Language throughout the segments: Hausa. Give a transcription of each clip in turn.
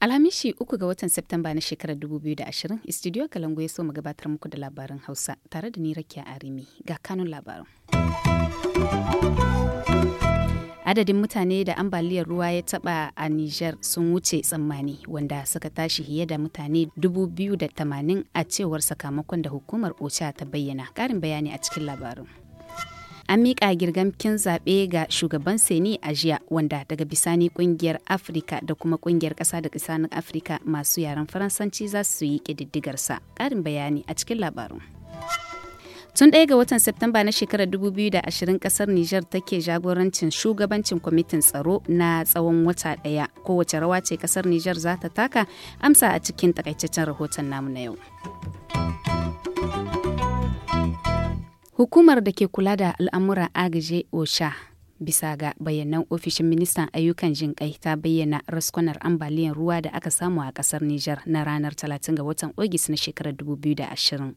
Alhamishi uku ga watan Septemba na shekarar 2020, Studio Kalangu ya so mu gabatar muku da labarin Hausa tare da ni Rakiya Arimi ga kanun labarin. adadin mutane da ambaliyar ruwa ya taba a Nijar sun wuce tsammani wanda suka tashi fiye da mutane 280 a cewar sakamakon da hukumar OCHA ta bayyana. Karin bayani a cikin labarin. an miƙa girgamkin zaɓe ga shugaban seni a jiya wanda daga bisani ƙungiyar afirka da kuma ƙungiyar ƙasa da ƙasa afirka masu yaren faransanci za su yi ƙididdigarsa ƙarin bayani a cikin labarun. Tun ɗaya ga watan Septamba na shekarar 2020 kasar Nijar take jagorancin shugabancin kwamitin tsaro na tsawon wata ɗaya. Kowace rawa ce kasar Nijar za ta taka amsa a cikin takaitaccen rahoton namu na yau. Hukumar da ke kula da al'amura agaje OSHA bisa ga bayanan ofishin ministan ayyukan jin kai ta bayyana raskunar ambaliyar ruwa da aka samu a kasar Nijar na ranar 30 ga watan Ogis na shekarar 2020.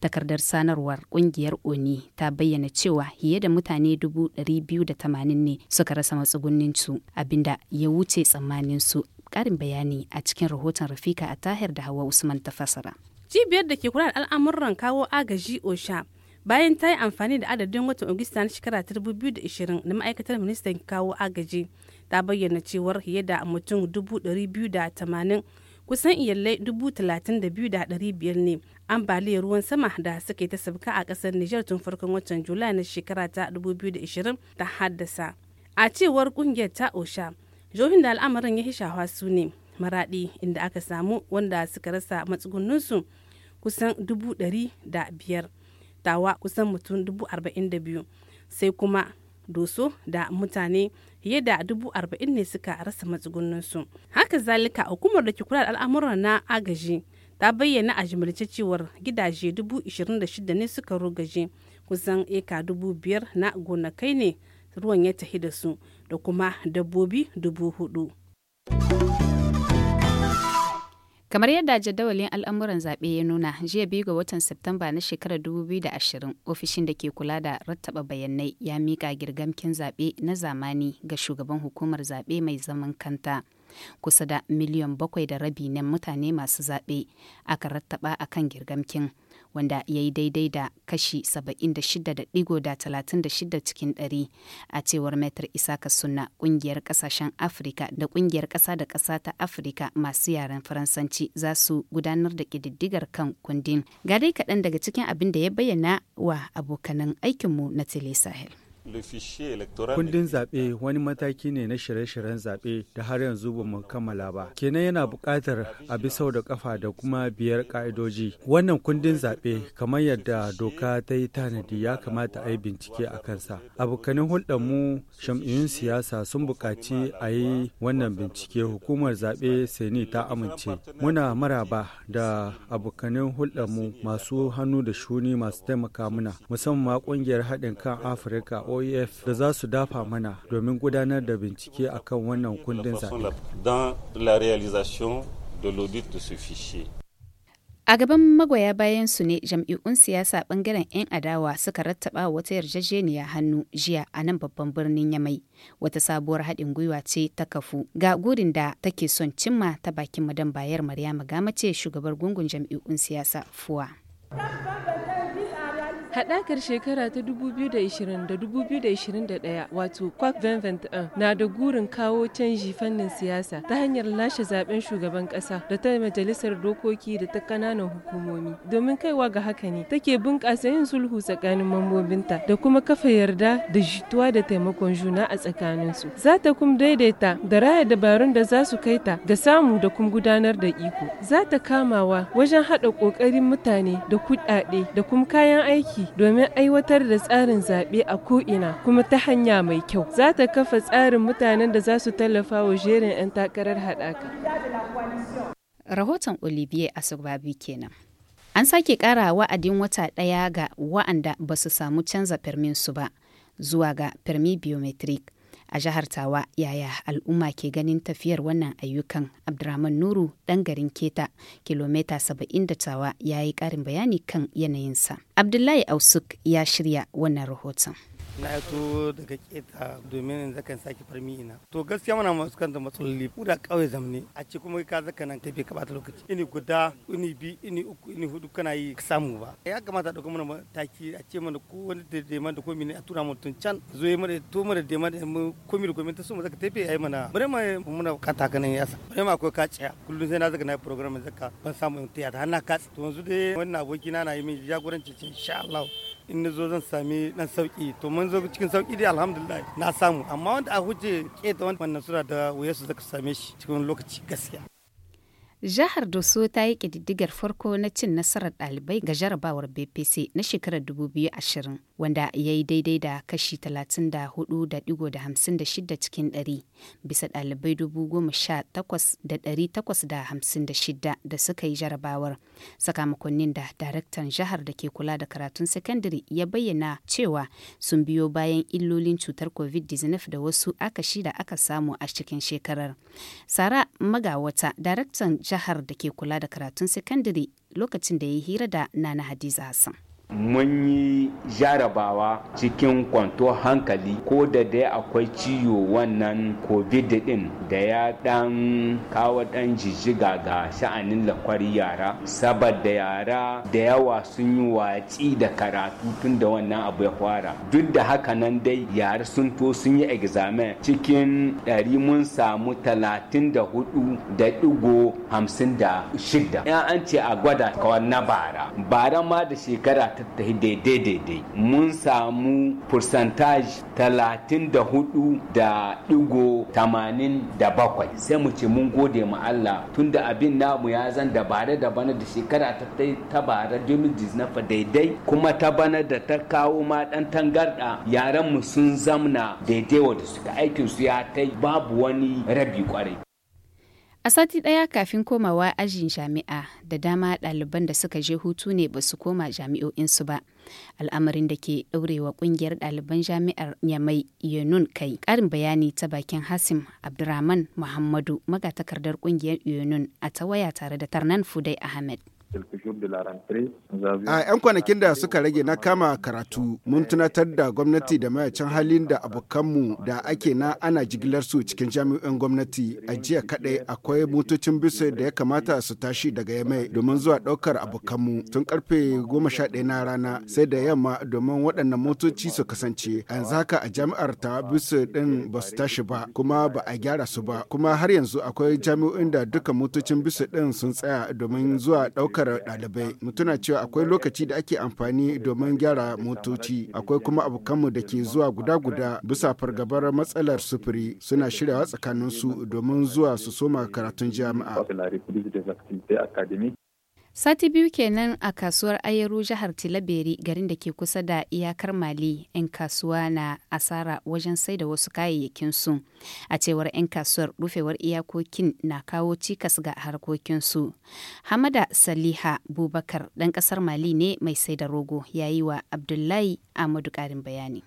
Takardar sanarwar kungiyar ONI ta bayyana cewa fiye da mutane 280 ne suka rasa matsugunninsu abinda ya wuce tsammanin su Karin bayani a cikin rahoton Rafika a Tahir da Hawa Usman ta fasara. Cibiyar da ke kula da al'amuran kawo agaji OSHA bayan ta yi amfani da adadin watan Agusta na shekara ta 2020 na ma'aikatar ministan kawo agaji ta bayyana cewar fiye da mutum 280 kusan iyalai 32,500 ne ambaliyar ruwan sama da suke ta sabka a kasar Nijar tun farkon watan Julai na shekara ta 2020 ta haddasa. A cewar kungiyar ta OSHA, johin da al'amarin ya hishawa su ne maradi inda aka samu wanda suka rasa matsugunninsu kusan biyar. tawa kusan mutum dubu biyu sai kuma doso da mutane fiye da dubu arba'in ne suka rasa matsugunninsu haka zalika hukumar da ke kula da al'amuran na agaji ta bayyana a jimilce cewar gidaje dubu ne suka rugaje kusan eka dubu biyar na gonakai ne ruwan ya tahi da su da kuma dabbobi dubu hudu Kamar yadda jadawalin al'amuran zaɓe ya nuna, jiya biyu ga watan Septemba na shekarar 2020, ofishin da ke kula da rattaba bayanai ya miƙa girgamkin zaɓe na zamani ga shugaban hukumar zaɓe mai zaman kanta. Kusa da miliyan bakwai da rabi na mutane masu zaɓe aka rattaba akan girgamkin. wanda ya yi daidai da kashi 76.36 cikin 100 a cewar metar isaka suna kungiyar kasashen afirka da kungiyar kasa da kasa ta afirka masu yaren faransanci za su gudanar da kididdigar kan kundin ga dai kaɗan daga cikin abin da ya bayyana wa abokanan aikinmu na tele sahel Kundin zaɓe wani mataki ne na shirye-shiryen zaɓe da har yanzu ba mu kammala ba. Kenan yana buƙatar a bi sau da ƙafa da kuma biyar ƙa'idoji. Wannan kundin zaɓe kamar yadda doka ta yi tanadi ya kamata a yi bincike a kansa. Abokanin hulɗar mu jam'iyyun siyasa sun buƙaci a yi wannan bincike hukumar zaɓe Seni ta amince. Muna maraba da abokanin hulɗar mu masu hannu da shuni masu taimaka muna musamman ma ƙungiyar haɗin kan Afirka oef da za su dafa mana domin gudanar da bincike a kan wannan kundin zaɓe a gaban magoya bayan su ne jam'i'un siyasa bangaren 'yan adawa suka rattaba wata yarjejeniya hannu jiya a nan babban birnin yamai wata sabuwar haɗin gwiwa ce ta kafu ga gurin da take son cimma ta bakin madan bayar maryama gama ce shugabar gungun jam'i'un siyasa fuwa Haɗakar shekara ta 2020 da 2021 wato Kwak 2021 e, na da gurin kawo canji fannin siyasa ta hanyar lashe zaben shugaban ƙasa da ta majalisar dokoki da ta ƙananan hukumomi. Domin kaiwa ga haka ne take bunƙasa yin sulhu tsakanin mambobinta da kuma kafa yarda da jituwa da taimakon juna a tsakaninsu. Za ta kuma daidaita da raya dabarun da za su kai ta ga samu da kuma gudanar da iko. Za ta kamawa wajen haɗa ƙoƙarin mutane da kuɗaɗe da kuma kayan aiki domin aiwatar da tsarin zaɓe a ko'ina kuma ta hanya mai kyau. Za ta kafa tsarin mutanen da za su tallafa wa jerin 'yan takarar haɗaka. Rahoton Olivier Asogbabi kenan. An sake ƙara wa'adin wata ɗaya ga wa'anda ba su samu canza firmin su ba zuwa ga firmi biometric. a jihar Tawa yaya al'umma ke ganin tafiyar wannan ayyukan Abdurrahman Nuru ɗan garin Keta kilomita saba'in da Tawa ya yi ƙarin bayani kan yanayinsa. Abdullahi Ausuk ya shirya wannan rahoton. na to daga keta domin in zakan sake farmi ina to gaskiya muna fuskantar matsaloli ku da kawai zamani a ce kuma ka zaka nan tafi ka bata lokaci ini guda ini bi ini uku ini hudu kana yi samu ba ya kamata dauka mana mataki a ce mana ko wani da dema da komai ne a tura mu tun can zo yi mana to mana dema da mu komai da komai ta so mu zaka tafi ai mana bare ma na kanta kana yasa bare ma akwai tsaya kullun sai na zaka na program zaka ban samu in tiyata har na katsi to yanzu dai wannan aboki na na yi min jagoranci insha Allah in na zo zan sami dan sauki to mun zo cikin sauki dai alhamdulillah na samu amma wanda a huce keta wannan sura da wuya su zaka same shi cikin lokaci gaskiya Jihar Doso ta yi ƙididdigar farko na cin nasarar ɗalibai ga jarabawar BPC na shekarar 2020 wanda ya yi daidai da kashi 34.56 cikin 100 bisa ɗalibai 18,856 da suka yi jarabawar. Sakamakonnin da daraktan jihar da ke kula da karatun sakandare ya bayyana cewa sun biyo bayan illolin cutar COVID-19 da wasu akashi da aka samu a cikin shekarar. Sara Magawata, daraktan jihar da ke kula da karatun sakandare lokacin da ya yi hira da Nana Hadiza Hassan. mun yi jarabawa cikin kwanto hankali ko da dai akwai ciwo wannan covid din da ya dan kawo dan jijjiga ga sha'anin lakwari yara saboda yara da yawa sun yi watsi da karatu tun da wannan abu ya fara duk da haka nan dai yara sun to sun yi examen cikin ɗari mun samu talatin da hudu da digo hamsin da shida an ce a gwada kawar na bara bara ma da shekara ta tafi daidai daidai mun samu percentage talatin da hudu da digo tamanin da bakwai sai mu ce mun gode ma Allah tunda abin namu ya zan dabare da bana da shekara ta ta bara fa daidai kuma ta bana da ta kawo ma dan tangarda yaran mu sun zamna daidai da suka aikin su ya tai babu wani rabi kwarai A sati ɗaya kafin komawa ajin jami'a da dama ɗaliban da suka je hutu ne ba su koma jami'o'insu ba. Al'amarin da ke ɗaurewa ƙungiyar ɗaliban jami'ar Yamai Yunun kai. Ƙarin bayani ta bakin Hasim abdulrahman Muhammadu magatakardar ƙungiyar Yunun a ta waya tare da Tarnan Fudai Ahmed. A 'yan kwanakin da suka rage na kama karatu mun tunatar da gwamnati da mayacin halin da abokanmu da ake na ana jigilar su cikin jami'in gwamnati a jiya kadai akwai motocin bisa da ya kamata su tashi daga yamai domin zuwa daukar abokanmu tun karfe goma na rana sai da yamma domin waɗannan motoci su kasance a yanzu haka a jami'ar ta bisa din ba su tashi ba kuma ba a gyara su ba kuma har yanzu akwai jami'o'in da duka motocin bisa ɗin sun tsaya domin zuwa ɗaukar ɗaukar ɗalibai mutuna cewa akwai lokaci da ake amfani domin gyara motoci akwai kuma abokanmu da ke zuwa guda-guda bisa fargabar matsalar sufuri suna shiryawa tsakaninsu domin zuwa su soma karatun jami'a Sati biyu kenan a kasuwar Ayero jihar Tilaberi garin da ke kusa da iyakar Mali 'yan kasuwa na asara wajen sai da wasu kayayyakinsu. A cewar 'yan kasuwar rufewar iyakokin na kawo cikas ga harkokinsu. Hamada Saliha Bubakar ɗan ƙasar Mali ne mai sai da rogo yayi wa Abdullahi Ahmadu ƙarin bayani.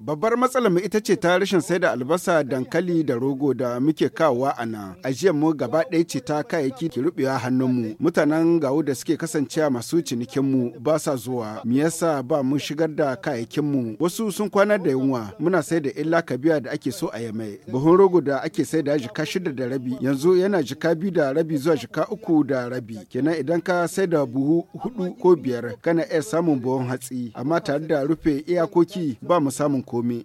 Babbar matsala mu ita ce ta rashin sai da albasa, dankali da rogo da muke kawowa a nan. Ajiyar mu gaba ɗaya ce ta kayayyaki ke rubewa mu Mutanen gawo da suke kasancewa masu cinikin mu ba sa zuwa. Me yasa ba mu shigar da kayayyakin mu? Wasu sun kwana da yunwa. Muna sai da illa kabiya da ake so a yamai. Buhun rogo da ake sai da jika shida da rabi yanzu yana jika biyu da rabi zuwa jika uku da rabi. Kenan idan ka sai da buhu hudu ko biyar kana iya samun buhun hatsi amma tare da rufe iyakoki dokoki ba mu samun komi.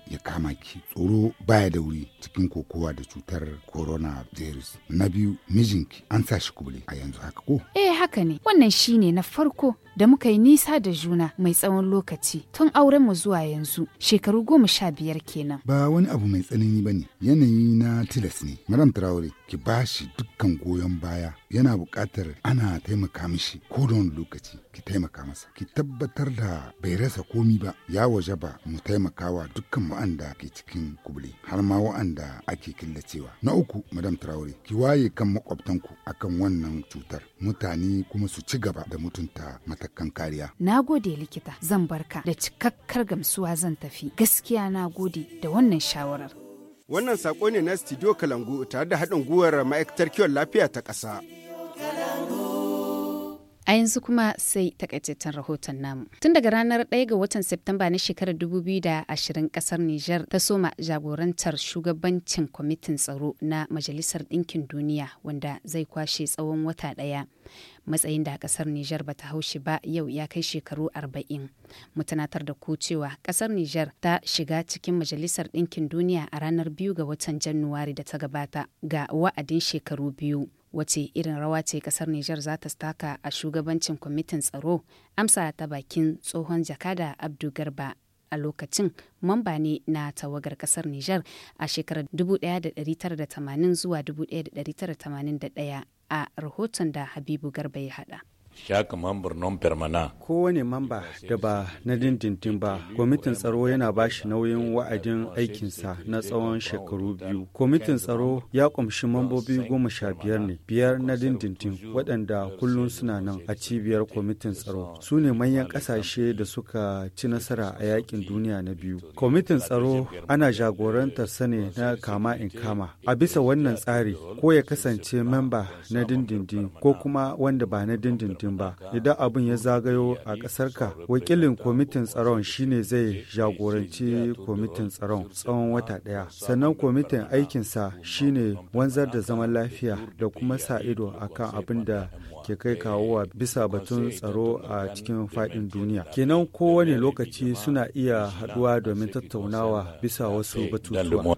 ya kama ki tsoro baya da wuri cikin kokowa da cutar coronavirus na biyu mijinki an sa shi kubule a yanzu haka ko eh haka ne wannan shine na farko da muka yi nisa da juna mai tsawon lokaci tun auren mu zuwa yanzu shekaru goma sha biyar kenan. Ba wani abu mai tsanani ba ne yanayi na tilas ne. Maram Traore ki ba shi dukkan goyon baya yana buƙatar ana taimaka mishi ko da wani lokaci ki taimaka masa. Ki tabbatar da bai rasa komi ba ya waje ba mu taimakawa dukkan wa'anda ke cikin kubule har ma wa'anda ake killacewa. Na uku Madam Traore ki waye kan makwabtanku akan wannan cutar mutane kuma su ci gaba da mutunta mata. matakan kariya. Na gode likita zan barka da cikakkar gamsuwa zan tafi. Gaskiya na gode da wannan shawarar. Wannan saƙo ne na Studio Kalangu tare da haɗin gwiwar ma'aikatar kiwon lafiya ta ƙasa. A yanzu kuma sai takaitaccen rahoton namu. Tun daga ranar 1 ga watan Septemba na shekarar 2020 kasar Nijar ta soma jagorantar shugabancin kwamitin tsaro na Majalisar Ɗinkin Duniya wanda zai kwashe tsawon wata ɗaya. Matsayin da kasar Nijar bata haushi ba yau ya kai shekaru 40. mutanatar da ku cewa kasar Nijar ta shiga cikin Majalisar Ɗinkin Duniya a ranar 2 ga watan januwari da ta gabata ga wa'adin shekaru biyu. wace irin rawa ce kasar Nijar za ta staka a shugabancin kwamitin tsaro amsa ta bakin tsohon jakada Abdu Garba a lokacin mamba ne na tawagar kasar Nijar a shekarar 1980 zuwa 1981 a rahoton da Habibu Garba ya hada. Shaka mambar non permanent. Kowane mamba da ba na dindindin ba, kwamitin tsaro yana ba shi nauyin wa'adin aikinsa na tsawon shekaru biyu. Kwamitin tsaro ya kumshi mambobi goma sha biyar ne, biyar na dindindin waɗanda kullum suna nan a cibiyar kwamitin tsaro. Su ne manyan ƙasashe da suka ci nasara a yakin duniya na biyu. Kwamitin tsaro ana jagorantar sani na kama in kama. A bisa wannan tsari, ko ya kasance mamba na dindindin ko kuma wanda ba na dindindin lamarin ba idan abin ya zagayo a ka, wakilin kwamitin tsaron shine zai jagoranci kwamitin tsaron tsawon wata ɗaya sannan kwamitin aikinsa shine wanzar da zaman lafiya da kuma sa ido akan abin da ke kai kawowa bisa batun tsaro a cikin faɗin duniya kenan kowane lokaci suna iya haɗuwa domin tattaunawa bisa wasu batutuwa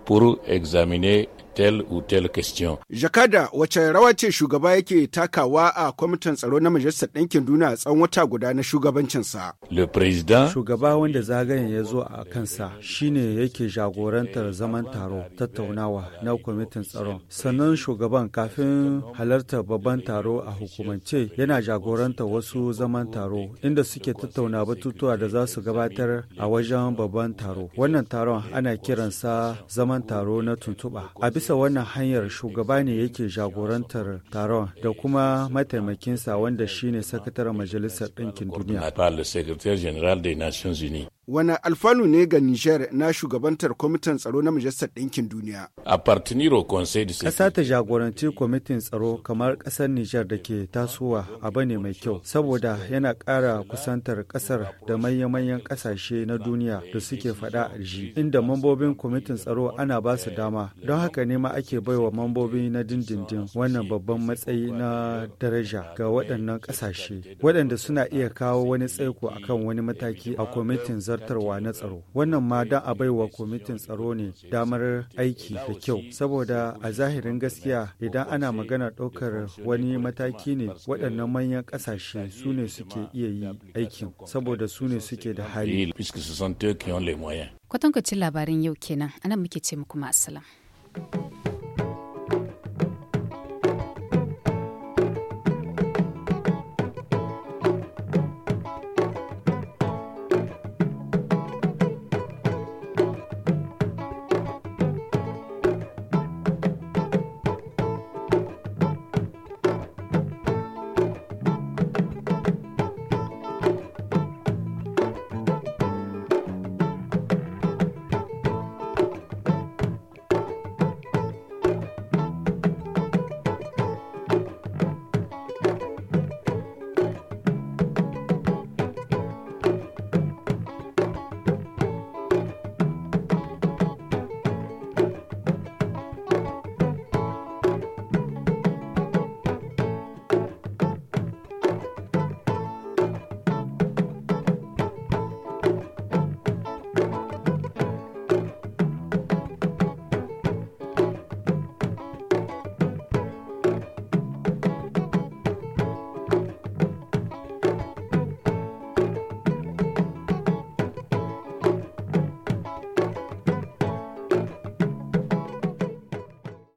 telle ou telle question. Jakada wacce rawa ce shugaba yake takawa a kwamitin tsaro na Majalisar Ɗinkin Duniya tsawon wata guda na shugabancinsa. Le président. shugaba wanda zagayen ya zo a kansa shine yake jagorantar zaman taro tattaunawa na kwamitin tsaro. Sannan shugaban kafin halartar babban taro a hukumance yana jagorantar wasu zaman taro inda suke tattauna batutuwa da za su gabatar a wajen babban taro. Wannan taron ana kiransa zaman taro na tuntuɓa. A bisa wannan hanyar shugaba ne yake jagorantar taron da kuma mataimakinsa wanda shine sakataren majalisar ɗinkin duniya Wani alfanu ne ga Nijar na shugabantar kwamitin tsaro na Majalisar Ɗinkin Duniya. A Partiniro Conseil de Ƙasa ta jagoranci kwamitin tsaro kamar ƙasar Nijar da ke tasowa a bane mai kyau, saboda yana ƙara kusantar ƙasar da manya-manyan ƙasashe na duniya da suke faɗa a ji, inda mambobin kwamitin tsaro ana ba su dama. Don haka ne ma ake baiwa mambobi na dindindin wannan babban matsayi na daraja ga waɗannan ƙasashe, waɗanda suna iya kawo wani tsaiko akan wani mataki a kwamitin zartarwa na tsaro wannan ma da a baiwa kwamitin tsaro ne damar aiki da kyau saboda a zahirin gaskiya idan ana magana ɗaukar wani mataki ne waɗannan manyan ƙasashe su ne suke iya yi aikin saboda su ne suke da hali kwatankwacin labarin yau kenan anan muke ce muku ma'asalam.